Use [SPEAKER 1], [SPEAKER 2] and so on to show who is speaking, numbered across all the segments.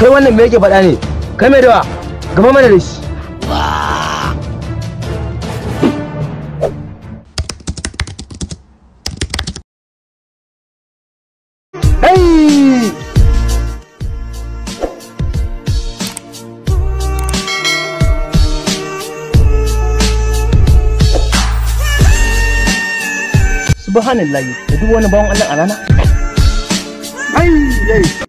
[SPEAKER 1] kai wannan me yake faɗa ne kai mai dawa gaba mana da shi subhanallahi da duk wani bawan Allah a ayy.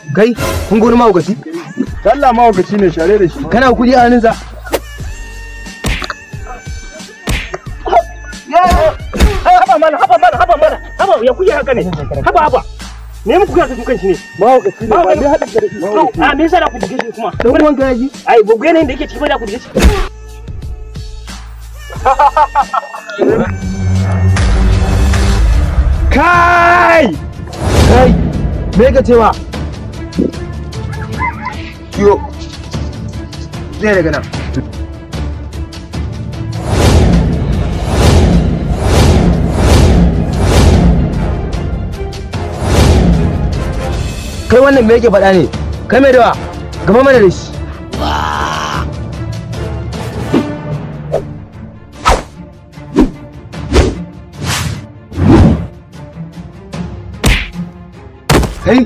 [SPEAKER 1] Kai, kun guri mahaukaci? Talla mahaukaci ne share da shi. Kana kuɗi a hannunsa? Haba mana, haba mana, haba mana, haba ya kuke haka ne, haba haba. Me muku kuka kun shi ne? Mahaukaci ne, ba dai haɗa da shi. A me yasa da ku dige shi kuma? Don uwan ka yaji? Ai, ba gane da yake ciki ba da ku dige shi. Kai! Kai! Me ka ce cewa? yo daga nan kai wannan me yake faɗa ne kai mai dawa gaba mana da shi Hey!